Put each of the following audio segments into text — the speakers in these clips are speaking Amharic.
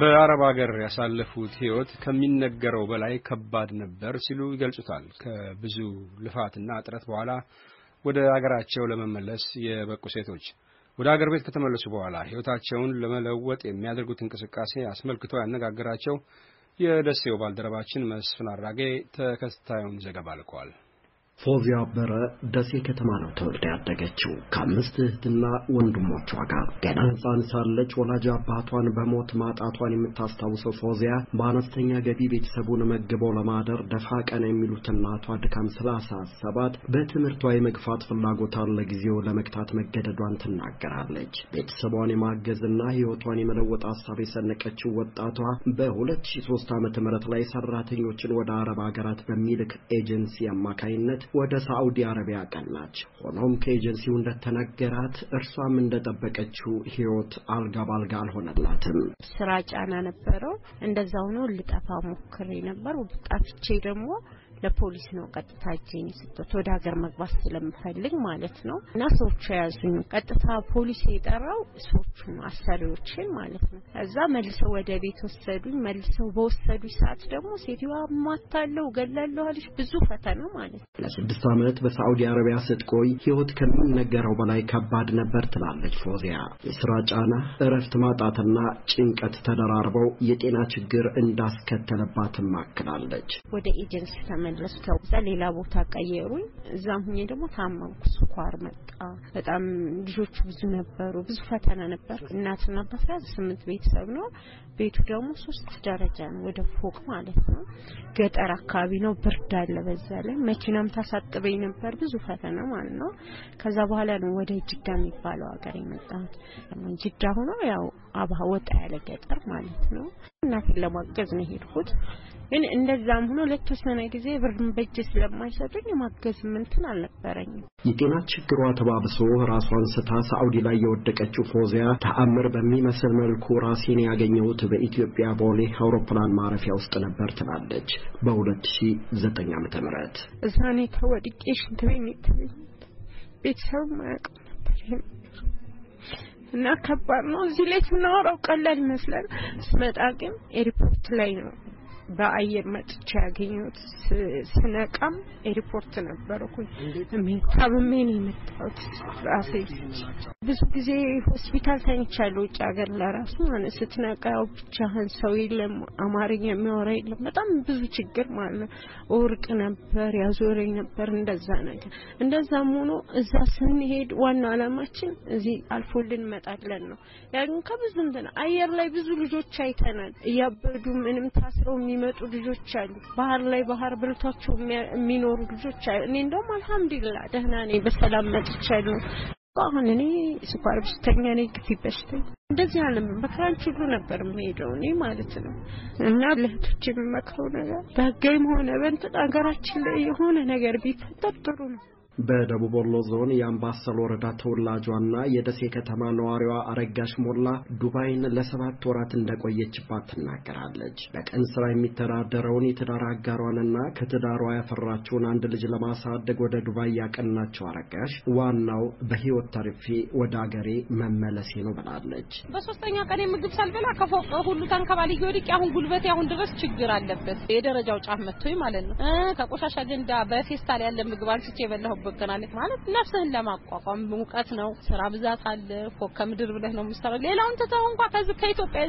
በአረብ ሀገር ያሳለፉት ህይወት ከሚነገረው በላይ ከባድ ነበር ሲሉ ይገልጹታል። ከብዙ ልፋትና ጥረት በኋላ ወደ አገራቸው ለመመለስ የበቁ ሴቶች ወደ አገር ቤት ከተመለሱ በኋላ ህይወታቸውን ለመለወጥ የሚያደርጉት እንቅስቃሴ አስመልክቶ ያነጋገራቸው የደሴው ባልደረባችን መስፍን አራጌ ተከታዩን ዘገባ ልከዋል። ፎዚያ በረ ደሴ ከተማ ነው ተወልዳ ያደገችው ከአምስት እህትና ወንድሞቿ ጋር። ገና ሕፃን ሳለች ወላጅ አባቷን በሞት ማጣቷን የምታስታውሰው ፎዚያ በአነስተኛ ገቢ ቤተሰቡን መግበው ለማደር ደፋ ቀና የሚሉት እናቷ ድካም ስላሳሰባት በትምህርቷ የመግፋት ፍላጎቷን ለጊዜው ለመግታት መገደዷን ትናገራለች። ቤተሰቧን የማገዝና ሕይወቷን የመለወጥ ሀሳብ የሰነቀችው ወጣቷ በ2003 ዓ ም ላይ ሰራተኞችን ወደ አረብ ሀገራት በሚልክ ኤጀንሲ አማካይነት ወደ ሳዑዲ አረቢያ ቀናች። ሆኖም ከኤጀንሲው እንደተነገራት እርሷም እንደጠበቀችው ህይወት አልጋ ባልጋ አልሆነላትም። ስራ ጫና ነበረው። እንደዛ ሆኖ ልጠፋ ሞክሬ ነበር። ጠፍቼ ደግሞ ለፖሊስ ነው ቀጥታ እጄን የሰጠሁት ወደ ሀገር መግባት ስለምፈልግ ማለት ነው። እና ሰዎቹ የያዙኝ ቀጥታ ፖሊስ የጠራው ነው አሰሪዎችን ማለት ነው። ከዛ መልሰው ወደ ቤት ወሰዱኝ። መልሰው በወሰዱኝ ሰዓት ደግሞ ሴትዮዋ ማታለው ገላለሁ አለች። ብዙ ፈተና ማለት ነው። ለስድስት ዓመት በሳዑዲ አረቢያ ስትቆይ ህይወት ከሚነገረው በላይ ከባድ ነበር ትላለች ፎዚያ። የስራ ጫና፣ እረፍት ማጣትና ጭንቀት ተደራርበው የጤና ችግር እንዳስከተለባትም አክላለች። ወደ ኤጀንሲ ተመ መለሱ። ከዛ ሌላ ቦታ ቀየሩኝ። እዛም ሁኜ ደግሞ ታመምኩ። ስኳር መጣ። በጣም ልጆቹ ብዙ ነበሩ። ብዙ ፈተና ነበር። እናትና አባት ጋር ስምንት ቤተሰብ ነው። ቤቱ ደግሞ ሶስት ደረጃ ነው፣ ወደ ፎቅ ማለት ነው። ገጠር አካባቢ ነው። ብርድ አለ። በዛ ላይ መኪናም ታሳጥበኝ ነበር። ብዙ ፈተና ማለት ነው። ከዛ በኋላ ነው ወደ ጅዳ የሚባለው ሀገር የመጣሁት። ጅዳ ሆኖ ያው አባ ወጣ ያለ ገጠር ማለት ነው። እናቴን ለማገዝ ነው የሄድኩት። ግን እንደዛም ሆኖ ለተወሰነ ጊዜ ብርን በእጅ ስለማይሰጡኝ የማገዝ ምንትን አልነበረኝም። የጤና ችግሯ ተባብሶ ራሷን ስታ ሳዑዲ ላይ የወደቀችው ፎዚያ ተአምር በሚመስል መልኩ ራሴን ያገኘሁት በኢትዮጵያ ቦሌ አውሮፕላን ማረፊያ ውስጥ ነበር ትላለች። በ2009 ዓ ም እዛኔ ከወድቄ ሽንት ቤት ቤተሰብ ማያውቅ ነበር እና ከባድ ነው። እዚህ ላይ ስናወራው ቀላል ይመስላል። ስመጣ ግን ኤርፖርት ላይ ነው በአየር መጥቻ ያገኙት ስነቃም ኤርፖርት ነበርኩኝ። እምታብሜን የመጣሁት ራሴ ብዙ ጊዜ ሆስፒታል ተኝቻለሁ። ውጭ ሀገር ለራሱ ማለት ስትነቃው ብቻህን ሰው የለም፣ አማርኛ የሚያወራ የለም። በጣም ብዙ ችግር ማለት ወርቅ ነበር ያዞረኝ ነበር እንደዛ ነገር። እንደዛም ሆኖ እዛ ስንሄድ ዋናው አላማችን እዚህ አልፎ ልንመጣለን ነው። ያን ከብዙ እንትን አየር ላይ ብዙ ልጆች አይተናል። እያበዱ ምንም ታስረው የሚመጡ ልጆች አሉ። ባህር ላይ ባህር ብልቷቸው የሚኖሩ ልጆች አሉ። እኔ እንደውም አልሐምዱሊላህ ደህና ነኝ፣ በሰላም መጥቻለሁ። አሁን እኔ ስኳር በሽተኛ ነኝ፣ ግፊት በሽተኛ እንደዚህ አለም በክራንች ሁሉ ነበር የምሄደው እኔ ማለት ነው። እና ለእህቶች የምመክረው ነገር በህጋይም ሆነ በእንትን ሀገራችን ላይ የሆነ ነገር ቢፈጠር ጥሩ ነው። በደቡብ ወሎ ዞን የአምባሰል ወረዳ ተወላጇና የደሴ ከተማ ነዋሪዋ አረጋሽ ሞላ ዱባይን ለሰባት ወራት እንደቆየችባት ትናገራለች። በቀን ስራ የሚተዳደረውን የትዳር አጋሯንና ከትዳሯ ያፈራችውን አንድ ልጅ ለማሳደግ ወደ ዱባይ ያቀናቸው አረጋሽ ዋናው በህይወት ተርፌ ወደ አገሬ መመለሴ ነው ብላለች። በሶስተኛ ቀን የምግብ ሳልበላ ከፎቅ ሁሉ ተንከባልዬ ወድቄ አሁን ጉልበቴ አሁን ድረስ ችግር አለበት የደረጃው ጫፍ መጥቶኝ ማለት ነው። ከቆሻሻ ገንዳ በፌስታል ያለ ምግብ አንስቼ የበላሁ መገናኘት ማለት ነፍስህን ለማቋቋም ሙቀት ነው። ስራ ብዛት አለ። ፎቅ ከምድር ብለህ ነው የምትሰራው። ሌላውን ትተው እንኳን ከዚህ ከኢትዮጵያ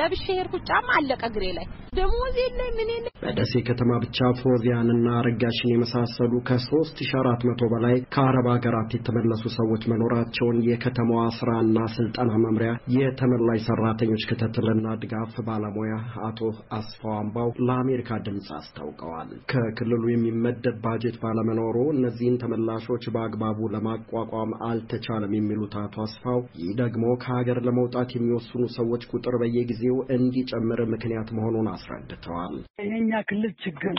ለብሼ ሄድኩ። ጫማ አለቀ እግሬ ላይ ደሞዝ የለ ምን የለ። በደሴ ከተማ ብቻ ፎዚያንና አረጋሽን የመሳሰሉ ከሶስት ሺ አራት መቶ በላይ ከአረብ ሀገራት የተመለሱ ሰዎች መኖራቸውን የከተማዋ ስራና ስልጠና መምሪያ የተመላሽ ሰራተኞች ክትትልና ድጋፍ ባለሙያ አቶ አስፋው አምባው ለአሜሪካ ድምፅ አስታውቀዋል። ከክልሉ የሚመደብ ባጀት ባለመኖሩ እነዚህን ተመላሾች በአግባቡ ለማቋቋም አልተቻለም የሚሉት አቶ አስፋው ይህ ደግሞ ከሀገር ለመውጣት የሚወስኑ ሰዎች ቁጥር በየጊዜው እንዲጨምር ምክንያት መሆኑን አስረድተዋል። የኛ ክልል ችግር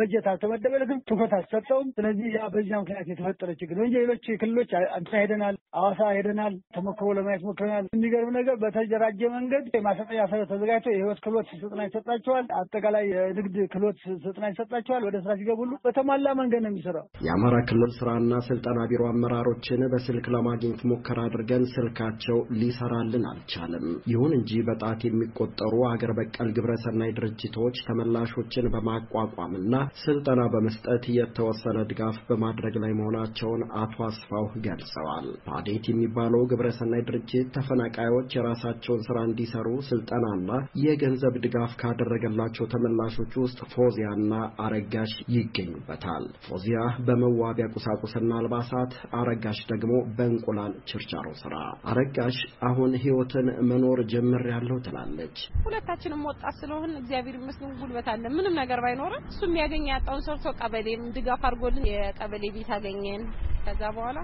በጀት አልተመደበ፣ ግን ትኩረት አልሰጠውም። ስለዚህ ያ በዚያ ምክንያት የተፈጠረ ችግር ነው እንጂ ሌሎች ክልሎች እንትና ሄደናል፣ አዋሳ ሄደናል፣ ተሞክሮ ለማየት ሞክረናል። የሚገርም ነገር በተደራጀ መንገድ የማሰልጠኛ ሰ ተዘጋጅቶ የህይወት ክህሎት ስልጠና ይሰጣቸዋል። አጠቃላይ የንግድ ክህሎት ስልጠና ይሰጣቸዋል። ወደ ስራ ሲገቡ ሁሉ በተሟላ መንገድ ነው የሚሰራው። የአማራ ክልል ሥራና ሥልጠና ቢሮ አመራሮችን በስልክ ለማግኘት ሙከራ አድርገን ስልካቸው ሊሰራልን አልቻለም። ይሁን እንጂ በጣት የሚቆጠሩ አገር በቀል ግብረሰናይ ድርጅቶች ተመላሾችን በማቋቋምና ስልጠና በመስጠት የተወሰነ ድጋፍ በማድረግ ላይ መሆናቸውን አቶ አስፋው ገልጸዋል። ፓዴት የሚባለው ግብረሰናይ ድርጅት ተፈናቃዮች የራሳቸውን ሥራ እንዲሰሩ ስልጠናና የገንዘብ ድጋፍ ካደረገላቸው ተመላሾች ውስጥ ፎዚያና አረጋሽ ይገኙበታል። ፎዚያ በመዋቢያ ቁሳቁስና አልባሳት፣ አረጋሽ ደግሞ በእንቁላል ችርቻሮ ስራ። አረጋሽ አሁን ህይወትን መኖር ጀምሬያለሁ ትላለች። ሁለታችንም ወጣት ስለሆን እግዚአብሔር ይመስገን ጉልበት አለ። ምንም ነገር ባይኖረን እሱ የሚያገኝ ያጣውን ሰርቶ ቀበሌም ድጋፍ አድርጎልን የቀበሌ ቤት አገኘን። ከዛ በኋላ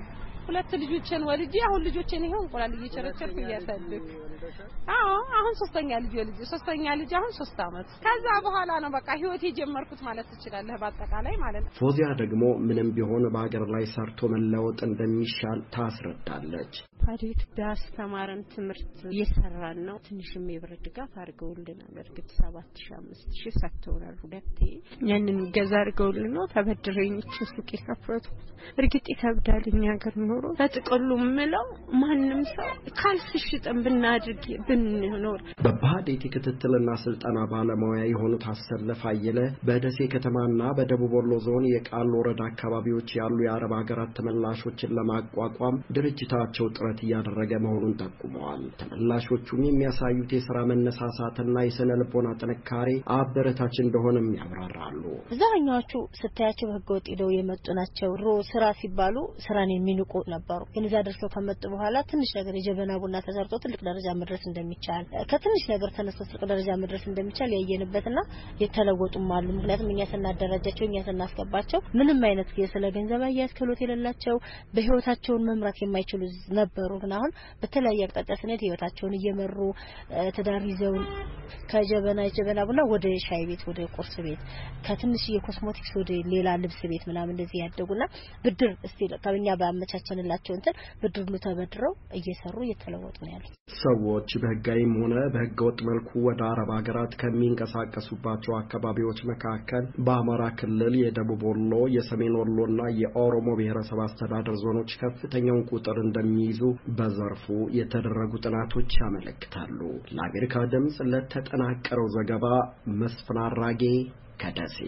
ሁለት ልጆችን ወልጄ አሁን ልጆችን ይሄው እንቁላል እየቸረቸርኩ እያሳድግ አዎ አሁን ሶስተኛ ልጅ ወልጄ ሶስተኛ ልጅ አሁን ሶስት አመት ከዛ በኋላ ነው በቃ ህይወት የጀመርኩት ማለት ትችላለህ በአጠቃላይ ማለት ነው። ፎዚያ ደግሞ ምንም ቢሆን በሀገር ላይ ሰርቶ መለወጥ እንደሚሻል ታስረዳለች። ፓዴት ባስተማረን ትምህርት እየሰራን ነው። ትንሽም የብር ድጋፍ አድርገውልናል። እርግጥ ሰባት ሺ አምስት ሺ ሰጥተውናል ሁለቴ። ያንን ገዛ አድርገውልን ነው ተበድሬኞችን ሱቅ የከፈቱ። እርግጥ ይከብዳል እኛ ሀገር ነው ኖሮ በጥቅሉ የምለው ማንም ሰው ካልስሽጥን ብናድርግ ብንኖር። በባህዴት የክትትልና ስልጠና ባለሙያ የሆኑት አሰለፍ አየለ በደሴ ከተማና በደቡብ ወሎ ዞን የቃል ወረዳ አካባቢዎች ያሉ የአረብ ሀገራት ተመላሾችን ለማቋቋም ድርጅታቸው ጥረት እያደረገ መሆኑን ጠቁመዋል። ተመላሾቹም የሚያሳዩት የስራ መነሳሳትና የስነ ልቦና ጥንካሬ አበረታች እንደሆነም ያብራራሉ። አብዛኛዎቹ ስታያቸው በህገወጥ ሄደው የመጡ ናቸው። ሮ ስራ ሲባሉ ስራን የሚንቁ ነበሩ። ግን እዛ ደርሰው ከመጡ በኋላ ትንሽ ነገር የጀበና ቡና ተሰርቶ ትልቅ ደረጃ መድረስ እንደሚቻል ከትንሽ ነገር ተነስቶ ትልቅ ደረጃ መድረስ እንደሚቻል ያየንበትና የተለወጡም አሉ። ምክንያቱም እኛ ስናደራጃቸው እኛ ስናስገባቸው ምንም አይነት ስለ ገንዘብ አያያዝ ክህሎት የሌላቸው በህይወታቸውን መምራት የማይችሉ ነበሩ። ግን አሁን በተለያየ አቅጣጫ ስንሄድ ህይወታቸውን እየመሩ ትዳር ይዘው ከጀበና የጀበና ቡና ወደ ሻይ ቤት፣ ወደ ቁርስ ቤት፣ ከትንሽ የኮስሞቲክስ ወደ ሌላ ልብስ ቤት ምናምን እንደዚህ ያደጉና ብድር እስቲ ከኛ በአመቻች የተወሰነላቸው እንትን ብድር ሁሉ ተበድረው እየሰሩ እየተለወጡ ነው ያሉት። ሰዎች በህጋዊም ሆነ በህገወጥ መልኩ ወደ አረብ ሀገራት ከሚንቀሳቀሱባቸው አካባቢዎች መካከል በአማራ ክልል የደቡብ ወሎ፣ የሰሜን ወሎ እና የኦሮሞ ብሔረሰብ አስተዳደር ዞኖች ከፍተኛውን ቁጥር እንደሚይዙ በዘርፉ የተደረጉ ጥናቶች ያመለክታሉ። ለአሜሪካ ድምፅ ለተጠናቀረው ዘገባ መስፍን አራጌ ከደሴ